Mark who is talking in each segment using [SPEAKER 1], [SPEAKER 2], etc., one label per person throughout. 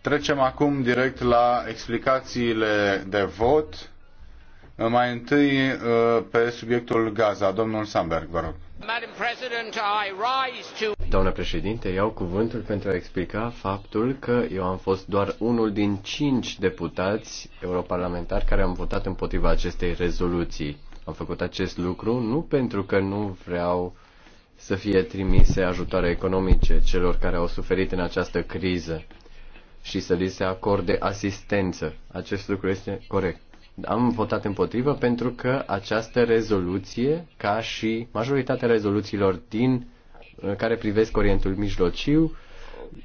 [SPEAKER 1] Trecem acum direct la explicațiile de vot. Mai întâi uh, pe subiectul Gaza. Domnul Sandberg, vă rog.
[SPEAKER 2] Doamnă președinte, iau cuvântul pentru a explica faptul că eu am fost doar unul din cinci deputați europarlamentari care am votat împotriva acestei rezoluții. Am făcut acest lucru nu pentru că nu vreau să fie trimise ajutoare economice celor care au suferit în această criză și să li se acorde asistență. Acest lucru este corect. Am votat împotrivă pentru că această rezoluție, ca și majoritatea rezoluțiilor din uh, care privesc Orientul Mijlociu,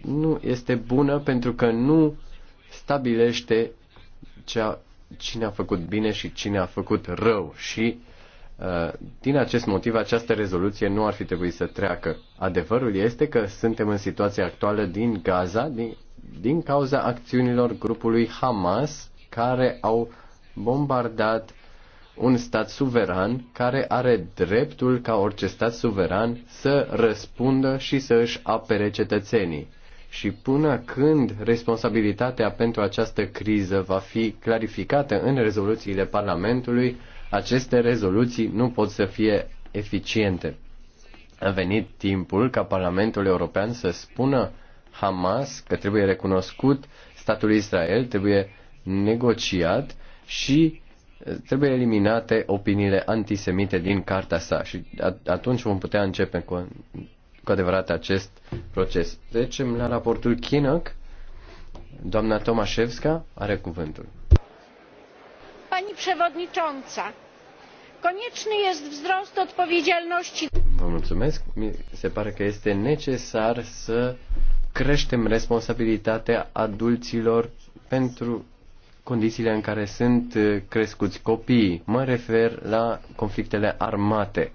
[SPEAKER 2] nu este bună pentru că nu stabilește cea, cine a făcut bine și cine a făcut rău și Uh, din acest motiv, această rezoluție nu ar fi trebuit să treacă. Adevărul este că suntem în situația actuală din Gaza din, din cauza acțiunilor grupului Hamas care au bombardat un stat suveran care are dreptul ca orice stat suveran să răspundă și să își apere cetățenii. Și până când responsabilitatea pentru această criză va fi clarificată în rezoluțiile Parlamentului, aceste rezoluții nu pot să fie eficiente. A venit timpul ca Parlamentul European să spună Hamas că trebuie recunoscut statul Israel, trebuie negociat și eh, trebuie eliminate opiniile antisemite din cartea sa și atunci vom putea începe cu, cu adevărat acest proces. Trecem la raportul Kinnock. Doamna Tomașevska are cuvântul
[SPEAKER 1] pani przewodnicząca! konieczny jest wzrost odpowiedzialności.
[SPEAKER 2] Vă mulțumesc. Mi se pare că este necesar să creștem responsabilitatea adulților pentru condițiile în care sunt uh, crescuți copiii. Mă refer la conflictele armate.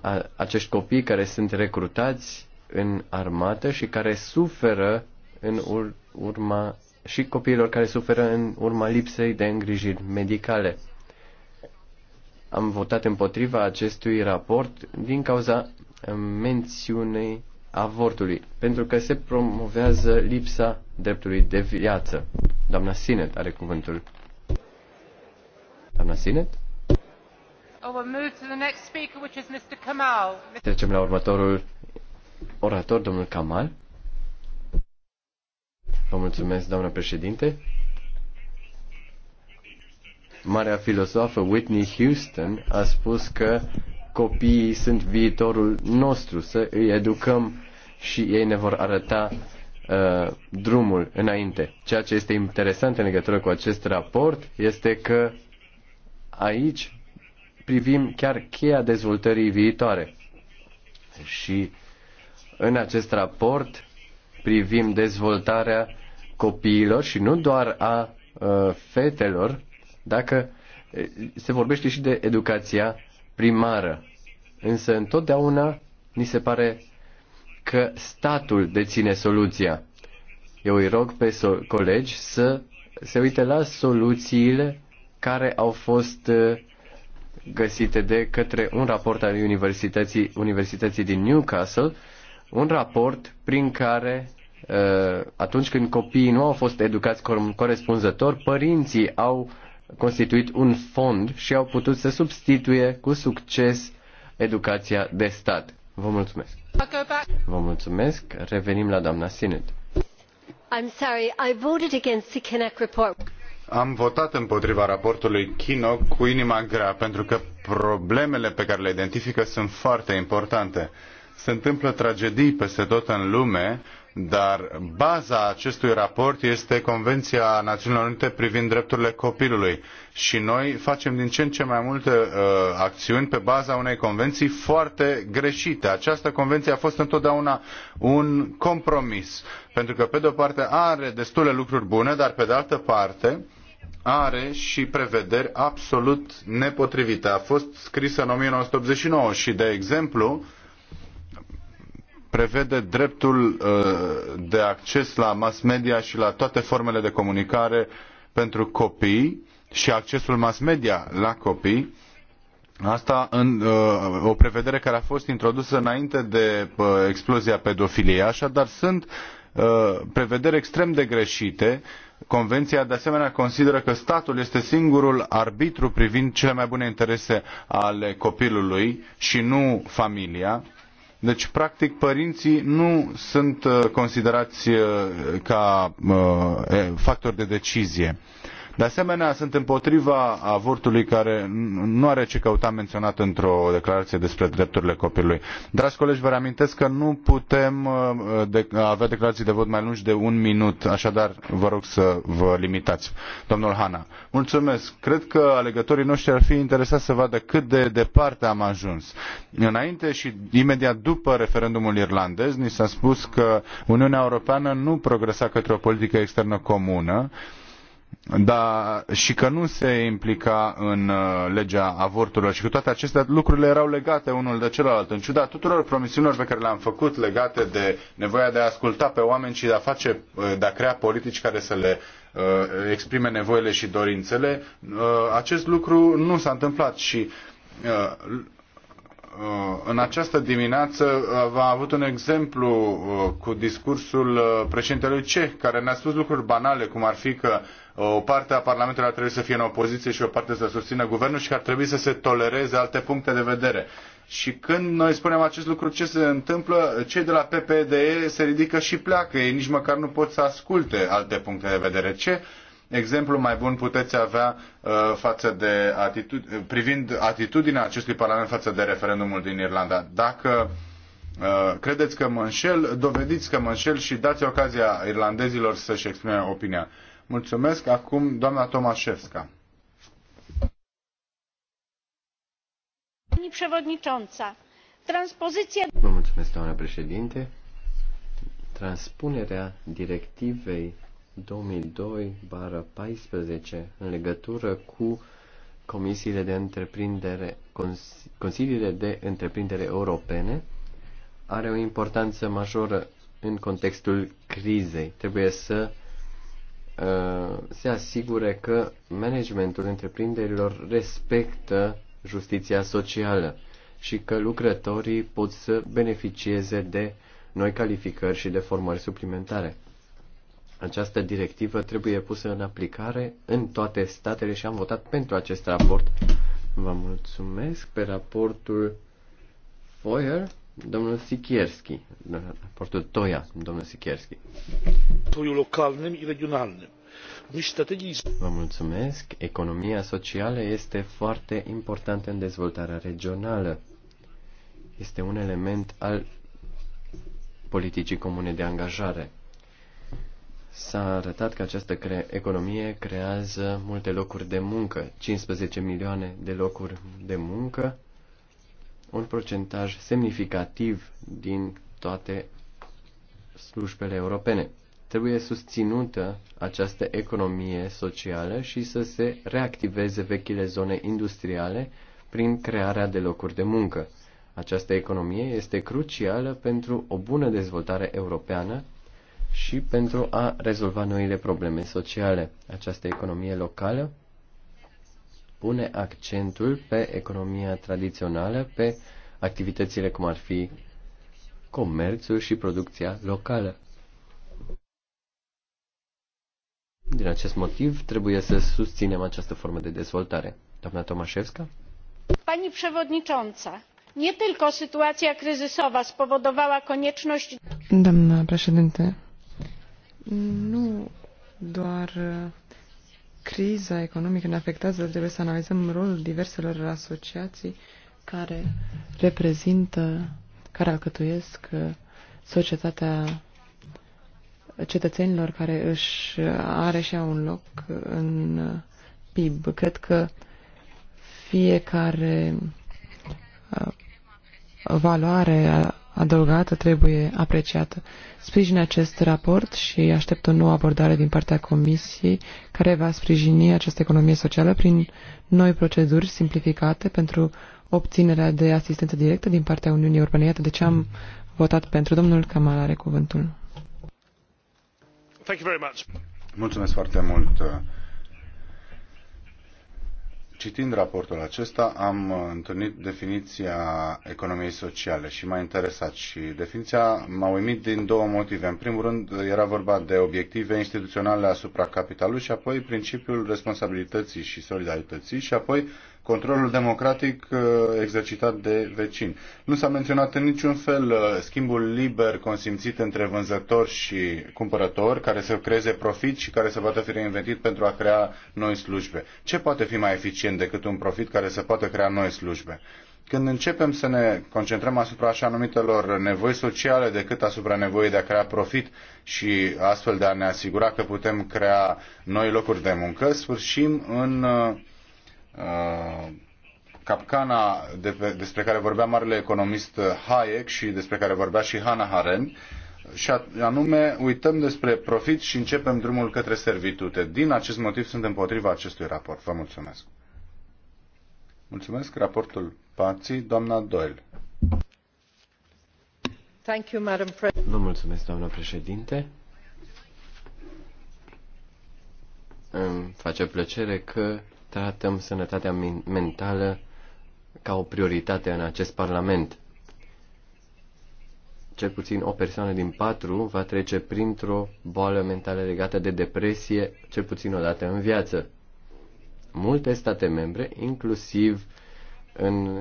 [SPEAKER 2] A, acești copii care sunt recrutați în armată și care suferă în ur- urma și copiilor care suferă în urma lipsei de îngrijiri medicale. Am votat împotriva acestui raport din cauza mențiunei avortului, pentru că se promovează lipsa dreptului de viață. Doamna Sinet are cuvântul. Doamna Sinet?
[SPEAKER 1] Oh, Trecem
[SPEAKER 2] la următorul orator, domnul Kamal. Vă mulțumesc, doamnă președinte. Marea filosofă Whitney Houston a spus că copiii sunt viitorul nostru, să îi educăm și ei ne vor arăta uh, drumul înainte. Ceea ce este interesant în legătură cu acest raport este că aici privim chiar cheia dezvoltării viitoare. Și în acest raport privim dezvoltarea copiilor și nu doar a uh, fetelor, dacă uh, se vorbește și de educația primară. Însă întotdeauna ni se pare că statul deține soluția. Eu îi rog pe so- colegi să se uite la soluțiile care au fost uh, găsite de către un raport al Universității, Universității din Newcastle, un raport prin care Uh, atunci când copiii nu au fost educați corespunzător, părinții au constituit un fond și au putut să substituie cu succes educația de stat. Vă mulțumesc. Vă mulțumesc. Revenim la doamna Sinet. I'm sorry, I voted against the Kinnock report. Am votat împotriva raportului Kino
[SPEAKER 1] cu inima grea, pentru că problemele pe care le identifică sunt foarte importante. Se întâmplă tragedii peste tot în lume dar baza acestui raport este Convenția Națiunilor Unite privind drepturile copilului și noi facem din ce în ce mai multe uh, acțiuni pe baza unei convenții foarte greșite. Această convenție a fost întotdeauna un compromis, pentru că pe de o parte are destule lucruri bune, dar pe de altă parte are și prevederi absolut nepotrivite. A fost scrisă în 1989 și, de exemplu, uh, prevede dreptul uh, de acces la mass media și la toate formele de comunicare pentru copii și accesul mass media la copii. Asta în uh, o prevedere care a fost introdusă înainte de uh, explozia pedofiliei. Așadar, sunt prevederi extrem de greșite. Convenția de asemenea consideră că statul este singurul arbitru privind cele mai bune interese ale copilului și nu familia deci, practic, părinții nu sunt uh, considerați uh, ca uh, factori de decizie. De asemenea, sunt împotriva avortului care nu are ce căuta menționat într-o declarație despre drepturile copilului. Dragi colegi, vă reamintesc că nu putem uh, avea declarații de vot mai lungi de un minut, așadar vă rog să vă limitați. Domnul Hanna, mulțumesc. Cred că alegătorii noștri ar fi interesați să vadă cât de departe am ajuns. Înainte și imediat după referendumul irlandez, ni s-a spus că Uniunea Europeană nu progresa către o politică externă comună, da și că nu se implica în uh, legea avorturilor și că toate aceste lucrurile erau legate unul de celălalt. În ciuda tuturor promisiunilor pe care le-am făcut legate de nevoia de a asculta pe oameni și de a, face, uh, de a crea politici care să le uh, exprime nevoile și dorințele, uh, acest lucru nu s-a întâmplat și uh, Uh, în această dimineață uh, a avut un exemplu uh, cu discursul președintelui Ceh, care ne-a spus lucruri banale, cum ar fi că o parte a Parlamentului ar trebui să fie în opoziție și o parte să susțină guvernul și că ar trebui să se tolereze alte puncte de vedere. Și când noi spunem acest lucru, ce se întâmplă? Cei de la PPDE se ridică și pleacă. Ei nici măcar nu pot să asculte alte puncte de vedere. Ce exemplu mai bun puteți avea uh, față de privind atitudinea acestui Parlament față de referendumul din Irlanda. Dacă uh, credeți că mă înșel, dovediți că mă înșel și dați ocazia irlandezilor să-și exprime opinia. Mulțumesc. Acum doamna Tomașevska. Pani przewodnicząca, transpoziția...
[SPEAKER 2] Vă mulțumesc, doamna președinte. Transpunerea directivei 2002-14 în legătură cu comisiile de întreprindere, consiliile de întreprindere europene are o importanță majoră în contextul crizei. Trebuie să uh, se asigure că managementul întreprinderilor respectă justiția socială și că lucrătorii pot să beneficieze de noi calificări și de formări suplimentare. Această directivă trebuie pusă în aplicare în toate statele și am votat pentru acest raport. Vă mulțumesc pe raportul Foyer, domnul Sikierski, raportul Toia, domnul Sikierski.
[SPEAKER 1] Toiul localnym și regionalnym.
[SPEAKER 2] Vă mulțumesc. Economia socială este foarte importantă în dezvoltarea regională. Este un element al politicii comune de angajare s-a arătat că această cre- economie creează multe locuri de muncă, 15 milioane de locuri de muncă, un procentaj semnificativ din toate slujbele europene. Trebuie susținută această economie socială și să se reactiveze vechile zone industriale prin crearea de locuri de muncă. Această economie este crucială pentru o bună dezvoltare europeană și pentru a rezolva noile probleme sociale. Această economie locală pune accentul pe economia tradițională, pe activitățile cum ar fi comerțul și producția locală. Din acest motiv, trebuie să susținem această formă de dezvoltare. Doamna Tomașevska?
[SPEAKER 1] Pani przewodnicząca, nie tylko sytuacja kryzysowa
[SPEAKER 3] spowodowała
[SPEAKER 1] konieczność...
[SPEAKER 3] Doamna președinte, nu doar uh, criza economică ne afectează, trebuie să analizăm rolul diverselor asociații care reprezintă, care alcătuiesc uh, societatea cetățenilor care își uh, are și au un loc în PIB. Cred că fiecare valoare adăugată trebuie apreciată. Sprijin acest raport și aștept o nouă abordare din partea Comisiei care va sprijini această economie socială prin noi proceduri simplificate pentru obținerea de asistență directă din partea Uniunii Europene. Iată de ce am votat pentru. Domnul Kamal are cuvântul.
[SPEAKER 1] Mulțumesc foarte mult. Citind raportul acesta, am uh, întâlnit definiția economiei sociale și m-a interesat și definiția m-a uimit din două motive. În primul rând, era vorba de obiective instituționale asupra capitalului și apoi principiul responsabilității și solidarității și apoi controlul democratic uh, exercitat de vecini. Nu s-a menționat în niciun fel uh, schimbul liber consimțit între vânzător și cumpărător, care să creeze profit și care să poată fi reinventit pentru a crea noi slujbe. Ce poate fi mai eficient decât un profit care să poată crea noi slujbe? când începem să ne concentrăm asupra așa numitelor nevoi sociale decât asupra nevoii de a crea profit și astfel de a ne asigura că putem crea noi locuri de muncă, sfârșim în uh, capcana de pe, despre care vorbea marele economist Hayek și despre care vorbea și Hannah Arendt, și anume uităm despre profit și începem drumul către servitute. Din acest motiv sunt împotriva acestui raport. Vă mulțumesc. Mulțumesc. Raportul Pații, doamna Doyle.
[SPEAKER 2] Thank you, Madam Vă mulțumesc, doamna președinte. Îmi face plăcere că tratăm sănătatea mentală ca o prioritate în acest Parlament. Cel puțin o persoană din patru va trece printr-o boală mentală legată de depresie, cel puțin o dată în viață. Multe state membre, inclusiv în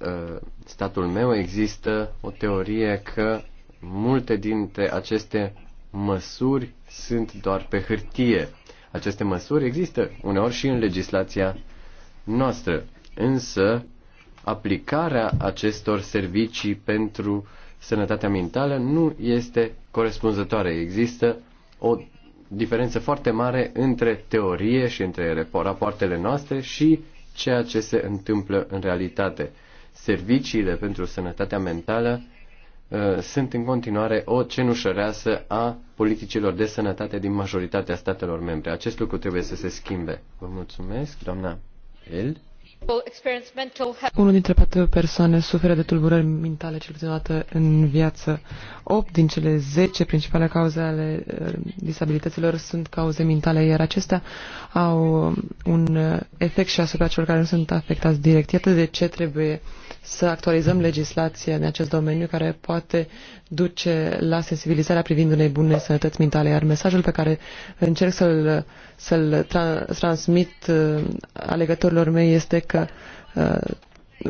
[SPEAKER 2] uh, statul meu, există o teorie că multe dintre aceste măsuri sunt doar pe hârtie. Aceste măsuri există uneori și în legislația noastră însă aplicarea acestor servicii pentru sănătatea mentală nu este corespunzătoare. Există o diferență foarte mare între teorie și între rapoartele noastre și ceea ce se întâmplă în realitate. Serviciile pentru sănătatea mentală uh, sunt în continuare o cenușăreasă a politicilor de sănătate din majoritatea statelor membre. Acest lucru trebuie să se schimbe. Vă mulțumesc, doamna El.
[SPEAKER 3] Unul dintre patru persoane suferă de tulburări mentale cel puțin o dată în viață. 8 din cele 10 principale cauze ale uh, disabilităților sunt cauze mentale, iar acestea au um, un uh, efect și asupra celor care nu sunt afectați direct. Iată de ce trebuie uh, să actualizăm legislația în acest domeniu care poate duce la sensibilizarea privind unei bune sănătăți mentale. Iar mesajul pe care încerc să-l, să tra- transmit uh, alegătorilor mei este că uh,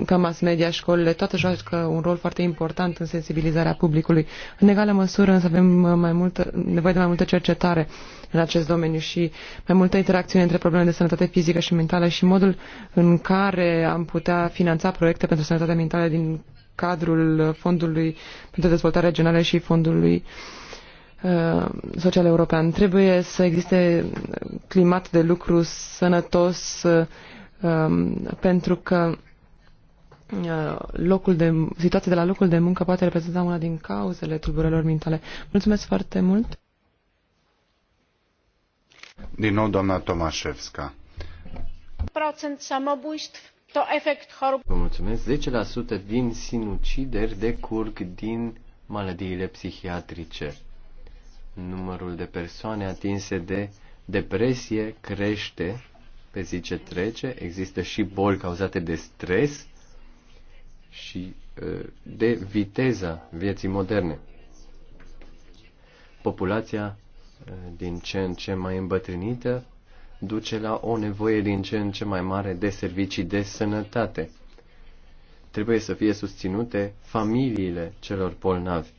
[SPEAKER 3] că mass media, școlile, toate joacă un rol foarte important în sensibilizarea publicului. În egală măsură însă avem uh, mai multă, nevoie de mai multă cercetare în acest domeniu și mai multă interacțiune între problemele de sănătate fizică și mentală și modul în care am putea finanța proiecte pentru sănătatea mentală din cadrul Fondului pentru Dezvoltare Regională și Fondului uh, Social European. Trebuie să existe climat de lucru sănătos uh, um, pentru că Uh, locul de, situația de la locul de muncă poate reprezenta una din cauzele tulburărilor mentale. Mulțumesc foarte mult!
[SPEAKER 1] Din nou, doamna Tomașevska. Procent to efect chorób.
[SPEAKER 2] Vă mulțumesc. 10% din sinucideri decurg din maladiile psihiatrice. Numărul de persoane atinse de depresie crește pe zi ce trece. Există și boli cauzate de stres și de viteza vieții moderne. Populația din ce în ce mai îmbătrânită duce la o nevoie din ce în ce mai mare de servicii de sănătate. Trebuie să fie susținute familiile celor bolnavi.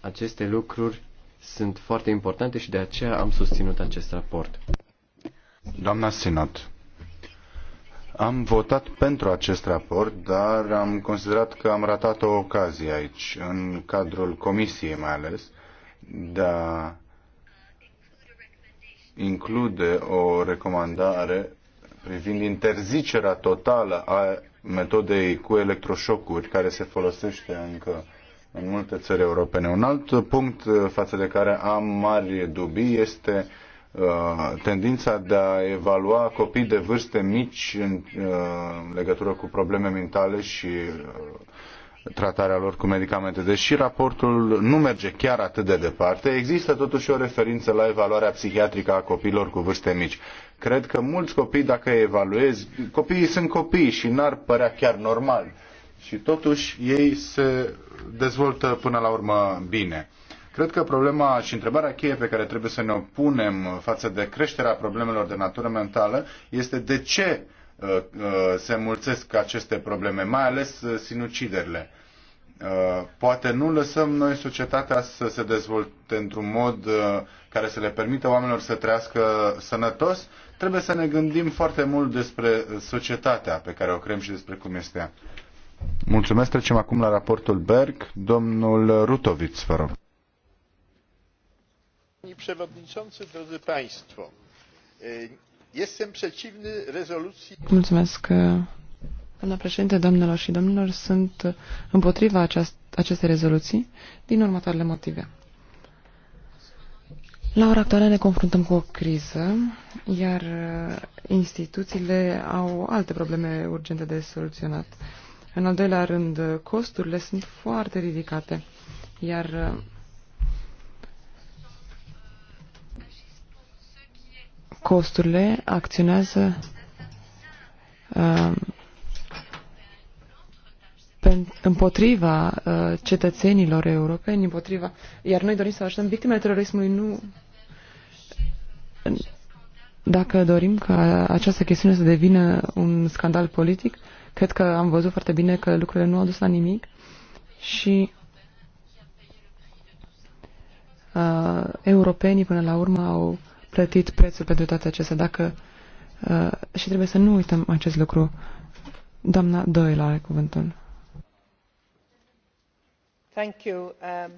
[SPEAKER 2] Aceste lucruri sunt foarte importante și de aceea am susținut acest raport.
[SPEAKER 1] Doamna Senat, am votat pentru acest raport, dar am
[SPEAKER 2] considerat că am
[SPEAKER 1] ratat o ocazie aici, în cadrul comisiei mai ales, de a include o recomandare privind interzicerea totală a metodei cu electroșocuri care se folosește încă în multe țări europene. Un alt punct față de care am mari dubii este uh, Uh, tendința de a evalua copii de vârste mici în uh, legătură cu probleme mentale și uh, tratarea lor cu medicamente. Deși raportul nu merge chiar atât de departe, există totuși o referință la evaluarea psihiatrică a copiilor cu vârste mici. Cred că mulți copii, dacă evaluezi, copiii sunt copii și n-ar părea chiar normal. Și totuși ei se dezvoltă până la urmă bine. Cred că problema și întrebarea cheie pe care trebuie să ne o punem față de creșterea problemelor de natură mentală este de ce uh, uh, se mulțesc aceste probleme, mai ales uh, sinuciderile. Poate nu lăsăm noi societatea să se dezvolte într-un mod care să le permită oamenilor să trăiască sănătos, trebuie să ne gândim foarte mult despre societatea pe care o creăm și despre cum este ea. Mulțumesc, trecem acum la raportul Berg. Domnul Rutoviț, vă rog pani przewodniczący! drodzy państwo! jestem przeciwny
[SPEAKER 3] rezolucji. doamnă președinte doamnelor și domnilor sunt împotriva aceast acestei rezoluții din următoarele motive. La ora actuală ne confruntăm cu o criză, iar instituțiile au alte probleme urgente de soluționat. În al doilea rând, costurile sunt foarte ridicate, iar costurile acționează uh, împotriva uh, cetățenilor europeni, împotriva, iar noi dorim să ajutăm victimele terorismului, nu dacă dorim ca această chestiune să devină un scandal politic, cred că am văzut foarte bine că lucrurile nu au dus la nimic și uh, europenii până la urmă au plătit prețul pentru toate acestea. Dacă, uh, și trebuie să nu uităm acest lucru. Doamna Doyle are cuvântul.
[SPEAKER 2] Thank you. Um...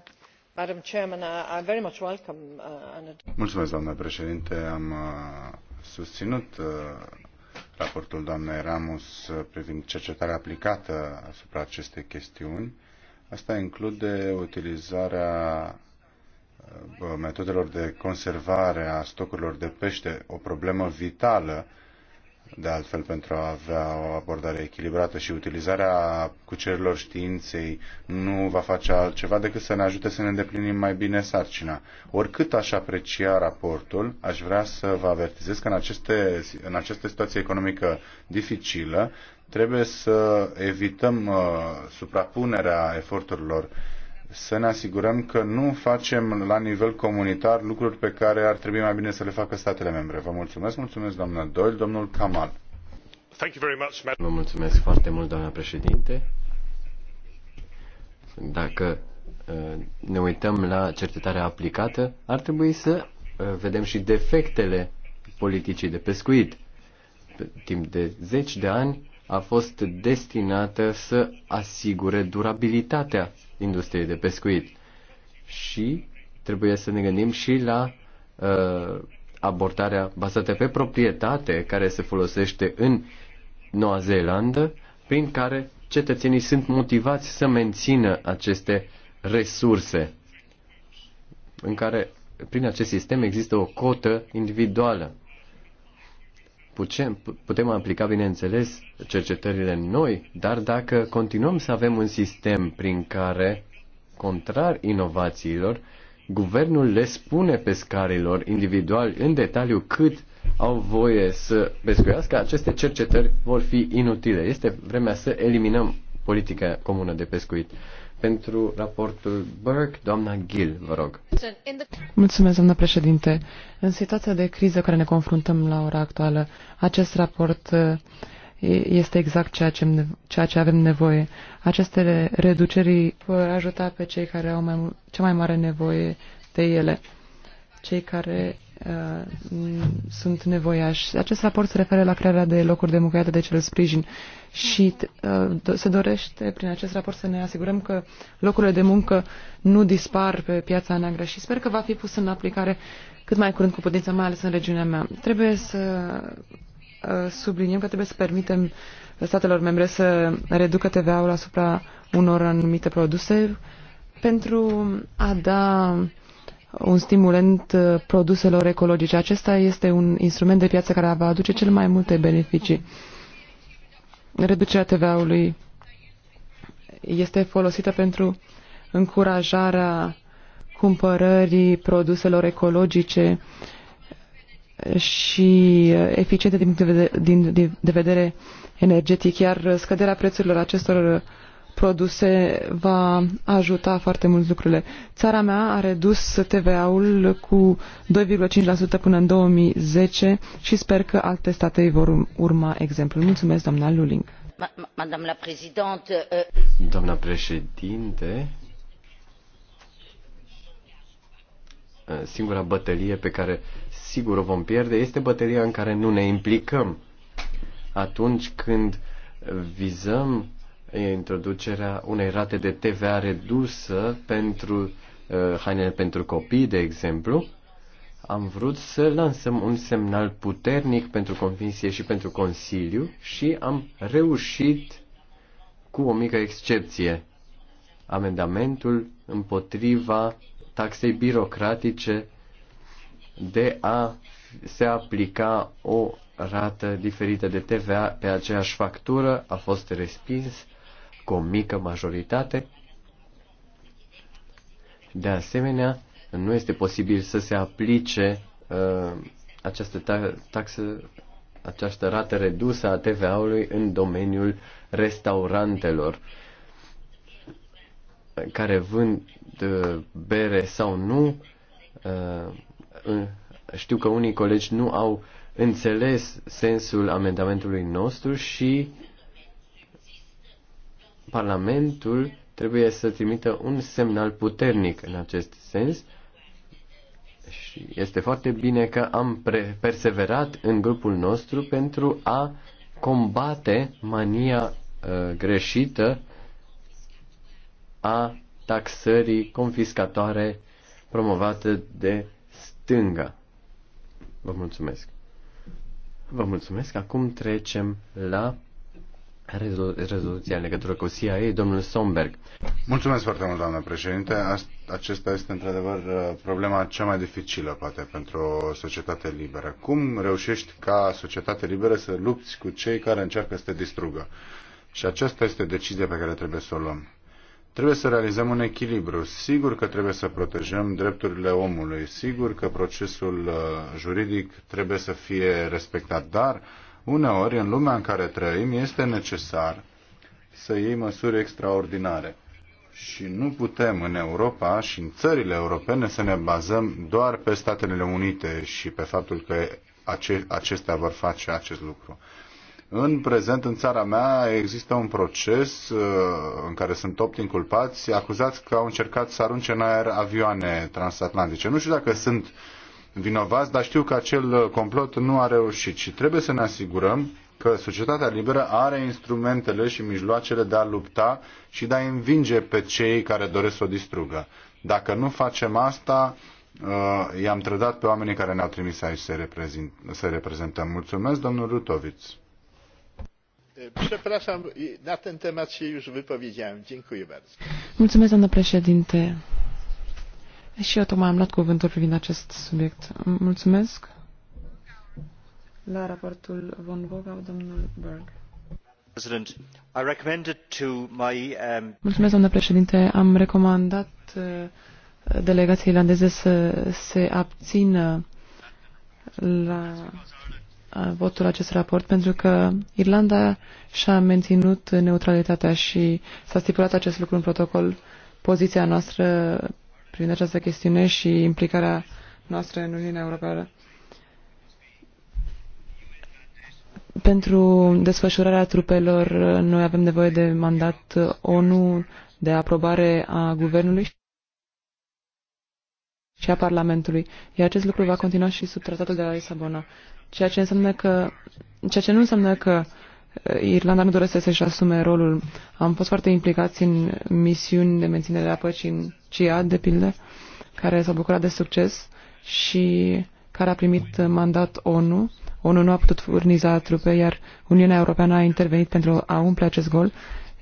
[SPEAKER 2] Uh,
[SPEAKER 1] Mulțumesc, doamnă președinte. Am uh, susținut uh, raportul doamnei Ramos privind cercetarea aplicată asupra acestei chestiuni. Asta include utilizarea metodelor de conservare a stocurilor de pește o problemă vitală, de altfel pentru a avea o abordare echilibrată și utilizarea cucerilor științei nu va face altceva decât să ne ajute să ne îndeplinim mai bine sarcina. Oricât aș aprecia raportul, aș vrea să vă avertizez că în, aceste, în această situație economică dificilă trebuie să evităm uh, suprapunerea eforturilor uh, să ne asigurăm că nu facem la nivel comunitar lucruri pe care ar trebui mai bine să le facă statele membre. Vă mulțumesc, mulțumesc doamna Doyle, domnul Kamal.
[SPEAKER 2] Thank you very much, Vă mulțumesc foarte mult, doamna președinte. Dacă uh, ne uităm la cercetarea aplicată, ar trebui să uh, vedem și defectele politicii de pescuit. Timp de zeci de ani a fost destinată să asigure durabilitatea industriei de pescuit. Și trebuie să ne gândim și la uh, abordarea bazată pe proprietate care se folosește în Noua Zeelandă, prin care cetățenii sunt motivați să mențină aceste resurse, în care prin acest sistem există o cotă individuală putem, putem aplica, bineînțeles, cercetările noi, dar dacă continuăm să avem un sistem prin care, contrar inovațiilor, guvernul le spune pescarilor individual în detaliu cât au voie să pescuiască, aceste cercetări vor fi inutile. Este vremea să eliminăm politica comună de pescuit. Pentru raportul Burke, doamna Gill, vă rog.
[SPEAKER 3] Mulțumesc, doamna președinte. În situația de criză care ne confruntăm la ora actuală, acest raport uh, este exact ceea ce, ceea ce avem nevoie. Aceste reduceri vor ajuta pe cei care au mai, cea mai mare nevoie de ele. Cei care Uh, sunt nevoiași. Acest raport se referă la crearea de locuri de muncă, iată de ce îl sprijin. Și uh, se dorește prin acest raport să ne asigurăm că locurile de muncă nu dispar pe piața neagră și sper că va fi pus în aplicare cât mai curând cu putință, mai ales în regiunea mea. Trebuie să uh, subliniem că trebuie să permitem statelor membre să reducă TVA-ul asupra unor anumite produse pentru a da un stimulent uh, produselor ecologice. Acesta este un instrument de piață care va aduce cel mai multe beneficii. Reducerea TVA-ului este folosită pentru încurajarea cumpărării produselor ecologice și uh, eficiente din, din, de vedere energetic, iar scăderea prețurilor acestor produse va ajuta foarte mult lucrurile. Țara mea a redus TVA-ul cu 2,5% până în 2010 și sper că alte state îi vor urma exemplul. Mulțumesc, doamna Luling.
[SPEAKER 2] Euh, doamna președinte, euh, singura bătălie pe care sigur o vom pierde este bătălia în care nu ne implicăm. Atunci când vizăm introducerea unei rate de TVA redusă pentru uh, hainele pentru copii, de exemplu, am vrut să lansăm un semnal puternic pentru Comisie și pentru Consiliu și am reușit cu o mică excepție. Amendamentul împotriva taxei birocratice de a se aplica o rată diferită de TVA pe aceeași factură a fost respins cu o mică majoritate. De asemenea, nu este posibil să se aplice uh, această ta- taxă, această rată redusă a TVA-ului în domeniul restaurantelor care vând uh, bere sau nu. Uh, știu că unii colegi nu au înțeles sensul amendamentului nostru și uh, Parlamentul trebuie să trimită un semnal puternic în acest sens și este foarte bine că am perseverat în grupul nostru pentru a combate mania uh, greșită a taxării confiscatoare promovată de stânga. Vă mulțumesc. Vă mulțumesc. Acum trecem la rezoluția în legătură cu CIA, domnul Somberg.
[SPEAKER 1] Mulțumesc foarte mult, doamnă președinte. Acesta este, într-adevăr, uh, problema cea mai dificilă, poate, pentru o societate liberă. Cum reușești ca societate liberă să lupți cu cei care încearcă să te distrugă? Și aceasta este decizia pe care trebuie să o luăm. Trebuie să realizăm un echilibru. Sigur că trebuie să protejăm drepturile omului, sigur că procesul uh, juridic trebuie să fie respectat, dar uneori, în lumea în care trăim, este necesar să iei măsuri extraordinare. Și nu putem în Europa și în țările europene să ne bazăm doar pe Statele Unite și pe faptul că acestea vor face acest lucru. În prezent, în țara mea, există un proces uh, în care sunt opt inculpați, acuzați că au încercat să arunce în aer avioane transatlantice. Nu știu dacă sunt uh, vinovați, dar știu că acel uh, complot nu a reușit și trebuie să ne asigurăm că societatea liberă are instrumentele și mijloacele de a lupta și de a învinge pe cei care doresc să o distrugă. Dacă nu facem asta, uh, i-am trădat pe oamenii care ne-au trimis aici să, reprezint, să reprezentăm. Mulțumesc, domnul Rutoviț. Przepraszam, na ten temat się już wypowiedziałem. Dziękuję bardzo.
[SPEAKER 3] Mulțumesc, domnule președinte. Și eu tocmai am luat cuvântul privind acest subiect. Mulțumesc. La raportul von Vogel, domnul Berg. Um, Mulțumesc, doamnă președinte. Am recomandat uh, delegației irlandeze să se abțină la uh, votul acest raport pentru că Irlanda și-a menținut neutralitatea și s-a stipulat acest lucru în protocol. Poziția noastră privind această chestiune și implicarea noastră în Uniunea Europeană. Pentru desfășurarea trupelor, noi avem nevoie de mandat ONU, de aprobare a guvernului și a Parlamentului. Iar acest lucru va continua și sub tratatul de la Lisabona. Ceea ce, înseamnă că, ceea ce nu înseamnă că Eh, Irlanda nu doresc să-și asume rolul. Am fost foarte implicați în misiuni de menținere a păcii în CIA, de pildă, care s-a bucurat de succes și care a primit mandat ONU. ONU nu a putut furniza trupe, iar Uniunea Europeană a intervenit pentru a umple acest gol,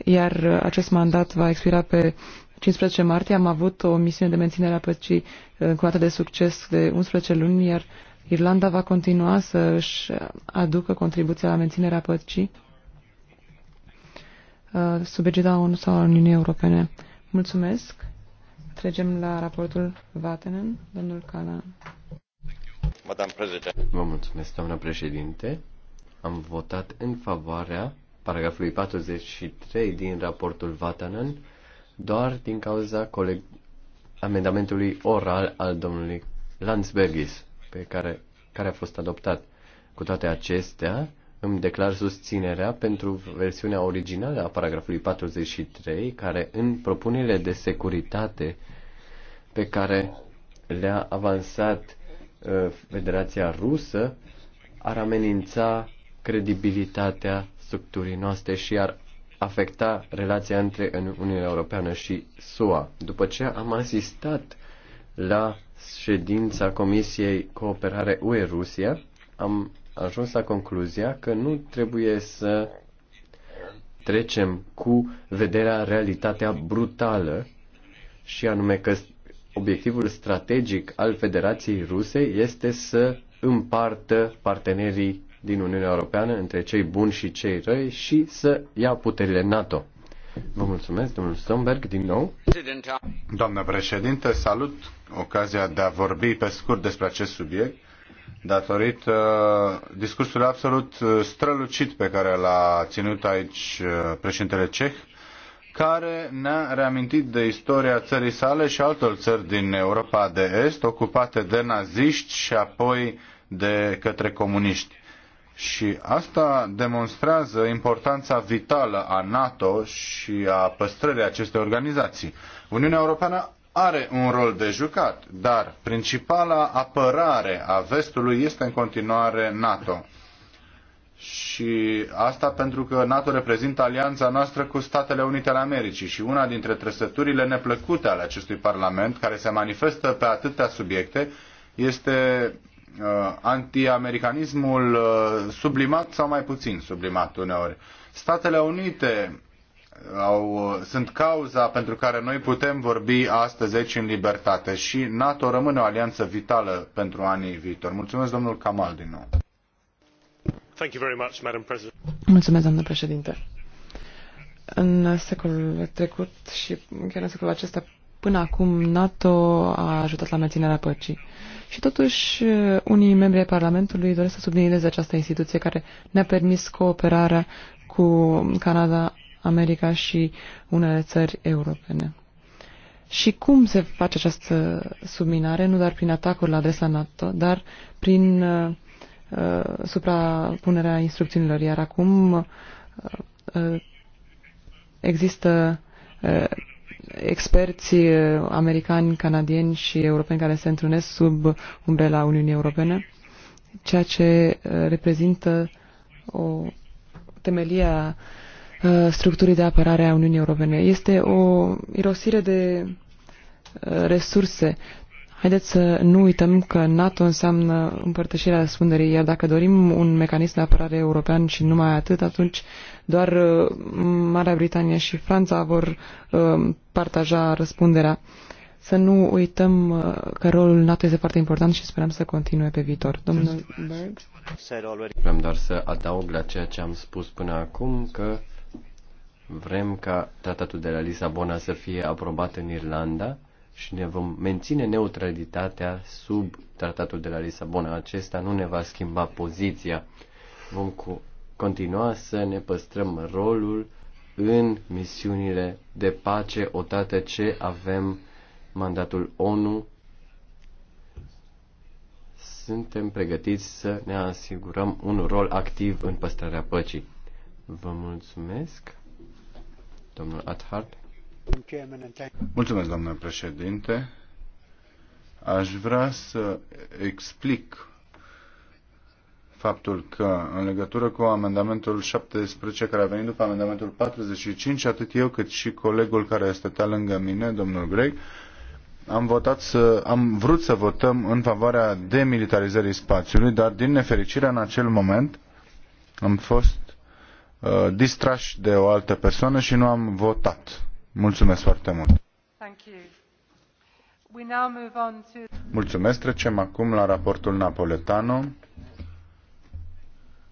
[SPEAKER 3] iar acest mandat va expira pe 15 martie. Am avut o misiune de menținere a păcii eh, atât de succes de 11 luni, iar Irlanda va continua să își aducă contribuția la menținerea păcii uh, sub egida ONU sau a Uniunii Europene. Mulțumesc. Trecem la raportul Vatenen, domnul Cana.
[SPEAKER 2] Vă mulțumesc, doamna președinte. Am votat în favoarea paragrafului 43 din raportul Vatanen doar din cauza coleg- amendamentului oral al domnului Landsbergis pe care, care a fost adoptat. Cu toate acestea, îmi declar susținerea pentru versiunea originală a paragrafului 43, care în propunerile de securitate pe care le-a avansat uh, Federația Rusă, ar amenința credibilitatea structurii noastre și ar afecta relația între Uniunea Europeană și SUA. După ce am asistat la ședința Comisiei Cooperare UE-Rusia, am ajuns la concluzia că nu trebuie să trecem cu vederea realitatea brutală și anume că obiectivul strategic al Federației Ruse este să împartă partenerii din Uniunea Europeană între cei buni și cei răi și să ia puterile NATO. Vă mulțumesc, domnul Stomberg, din nou. Doamnă președinte, salut ocazia de a vorbi pe scurt
[SPEAKER 1] despre acest subiect datorită uh, discursului absolut uh, strălucit pe care l-a ținut aici uh, președintele ceh, care ne-a reamintit de istoria țării sale și altor țări din Europa de Est, ocupate de naziști și apoi de către comuniști. Și asta demonstrează importanța vitală a NATO și a păstrării acestei organizații. Uniunea Europeană are un rol de jucat, dar principala apărare a vestului este în continuare NATO. Și asta pentru că NATO reprezintă alianța noastră cu Statele Unite ale Americii și una dintre trăsăturile neplăcute ale acestui Parlament, care se manifestă pe atâtea subiecte, este Uh, antiamericanismul uh, sublimat sau mai puțin sublimat uneori. Statele Unite au, uh, sunt cauza pentru care noi putem vorbi astăzi aici în libertate și NATO rămâne o alianță vitală pentru anii viitori. Mulțumesc, domnul Kamal, din nou.
[SPEAKER 2] Thank you very much, Madam President.
[SPEAKER 3] Mulțumesc, domnule președinte. În secolul trecut și chiar în secolul acesta, până acum, NATO a ajutat la menținerea păcii și totuși, uh, unii membri ai Parlamentului doresc să sublinieze această instituție care ne-a permis cooperarea cu Canada, America și unele țări europene. Și cum se face această subminare? Nu doar prin atacuri la adresa NATO, dar prin uh, uh suprapunerea instrucțiunilor. Iar acum uh, uh, există uh, experți eh, americani, canadieni și europeni care se întrunesc sub umbrela Uniunii Europene, ceea ce eh, reprezintă o temelie a eh, structurii de apărare a Uniunii Europene. Este o irosire de resurse. Haideți să nu uităm că NATO înseamnă împărtășirea răspunderii, iar dacă dorim un mecanism de apărare european și numai atât, atunci doar uh, Marea Britanie și Franța vor uh, partaja răspunderea. Să nu uităm uh, că rolul NATO este foarte important și sperăm să continue pe viitor. Domnul Berg?
[SPEAKER 2] Vrem doar să adaug la ceea ce am spus până acum că vrem ca tratatul de la Lisabona să fie aprobat în Irlanda și ne vom menține neutralitatea sub tratatul de la Lisabona. Acesta nu ne va schimba poziția. Vom cu- continua să ne păstrăm rolul în misiunile de pace odată ce avem mandatul ONU. Suntem pregătiți să ne asigurăm un rol activ în păstrarea păcii. Vă mulțumesc, domnul Athard.
[SPEAKER 1] Mulțumesc, domnule președinte. Aș vrea să explic faptul că în legătură cu amendamentul 17 care a venit după amendamentul 45, atât eu cât și colegul care stătea lângă mine, domnul Greg, am, votat să, am vrut să votăm în favoarea demilitarizării spațiului, dar din nefericire în acel moment am fost uh, distrași de o altă persoană și nu am votat. Mulțumesc foarte mult!
[SPEAKER 3] Mulțumesc. Trecem
[SPEAKER 1] acum la raportul Napoletano.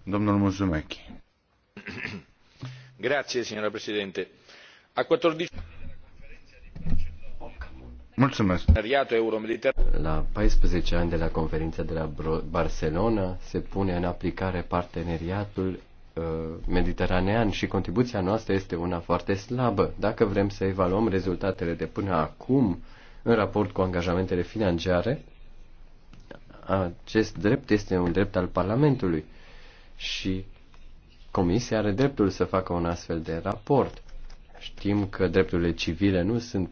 [SPEAKER 1] Domnul Muzumeci. Grazie, signora Presidente. A 14...
[SPEAKER 2] Mulțumesc. La 14 ani de la conferința de la Barcelona se pune în aplicare parteneriatul Uh, mediteranean și contribuția noastră este una foarte slabă. Dacă vrem să evaluăm rezultatele de până acum în raport cu angajamentele financiare, acest drept este un drept al Parlamentului și Comisia are dreptul să facă un astfel de raport. Știm că drepturile civile nu sunt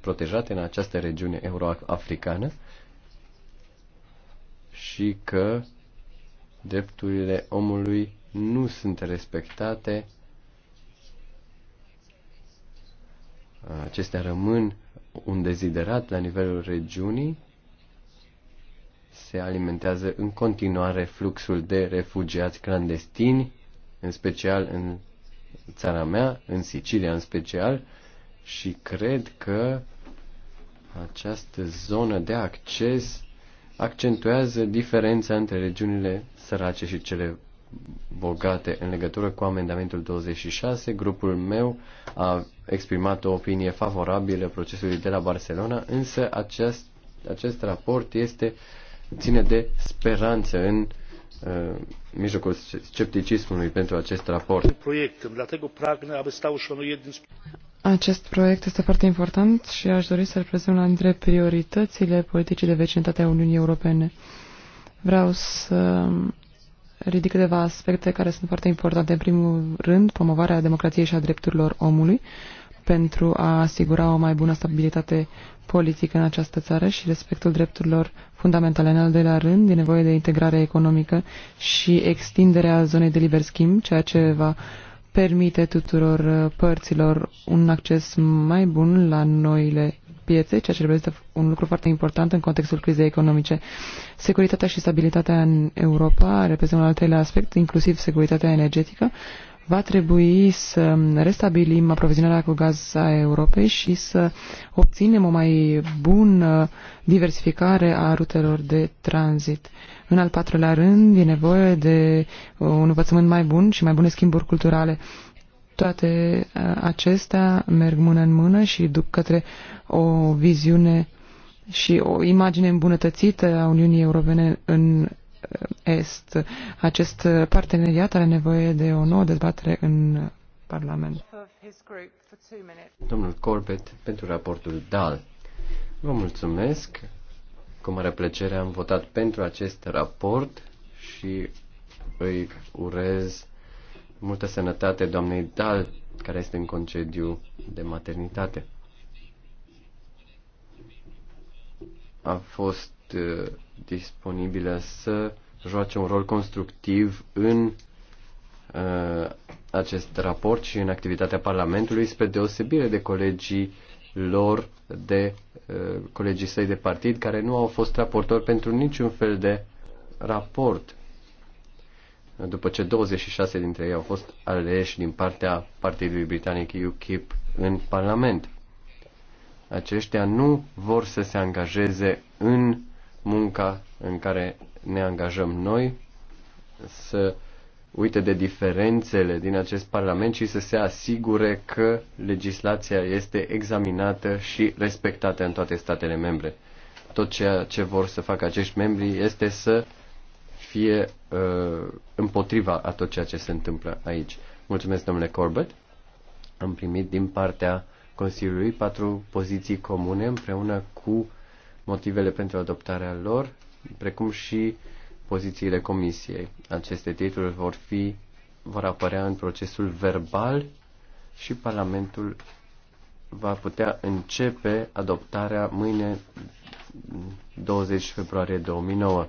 [SPEAKER 2] protejate în această regiune euroafricană și că drepturile omului nu sunt respectate. Acestea rămân un deziderat la nivelul regiunii. Se alimentează în continuare fluxul de refugiați clandestini, în special în țara mea, în Sicilia în special, și cred că această zonă de acces accentuează diferența între regiunile sărace și cele bogate. În legătură cu amendamentul 26, grupul meu a exprimat o opinie favorabilă procesului de la Barcelona, însă acest, acest raport este ține de speranță în uh, mijlocul scepticismului pentru acest raport.
[SPEAKER 3] Acest proiect este foarte important și aș dori să-l prezint una dintre prioritățile politicii de vecinătate a Uniunii Europene. Vreau să ridic câteva aspecte care sunt foarte importante. În primul rând, promovarea democrației și a drepturilor omului pentru a asigura o mai bună stabilitate politică în această țară și respectul drepturilor fundamentale. În al doilea rând, e nevoie de integrare economică și extinderea zonei de liber schimb, ceea ce va permite tuturor uh, părților un acces mai bun la noile piețe, ceea ce reprezintă un lucru foarte important în contextul crizei economice. Securitatea și stabilitatea în Europa reprezintă un al treilea aspect, inclusiv securitatea energetică. Va trebui să restabilim aprovizionarea cu gaz a Europei și să obținem o mai bună diversificare a rutelor de tranzit. În al patrulea rând, e nevoie de un învățământ mai bun și mai bune schimburi culturale toate acestea merg mână în mână și duc către o viziune și o imagine îmbunătățită a Uniunii Europene în Est. Acest parteneriat are nevoie de o nouă dezbatere în Parlament.
[SPEAKER 2] Domnul Corbett, pentru raportul DAL. Vă mulțumesc. Cu mare plăcere am votat pentru acest raport și îi urez multă sănătate doamnei Dal, care este în concediu de maternitate. A fost uh, disponibilă să joace un rol constructiv în uh, acest raport și în activitatea Parlamentului, spre deosebire de colegii lor, de uh, colegii săi de partid, care nu au fost raportori pentru niciun fel de raport după ce 26 dintre ei au fost aleși din partea Partidului Britanic UKIP în Parlament. Aceștia nu vor să se angajeze în munca în care ne angajăm noi, să uite de diferențele din acest Parlament și să se asigure că legislația este examinată și respectată în toate statele membre. Tot ceea ce vor să facă acești membri este să fie uh, împotriva a tot ceea ce se întâmplă aici. Mulțumesc, domnule Corbett. Am primit din partea Consiliului patru poziții comune împreună cu motivele pentru adoptarea lor, precum și pozițiile comisiei. Aceste titluri vor fi vor apărea în procesul verbal și Parlamentul va putea începe adoptarea mâine 20 februarie 2009.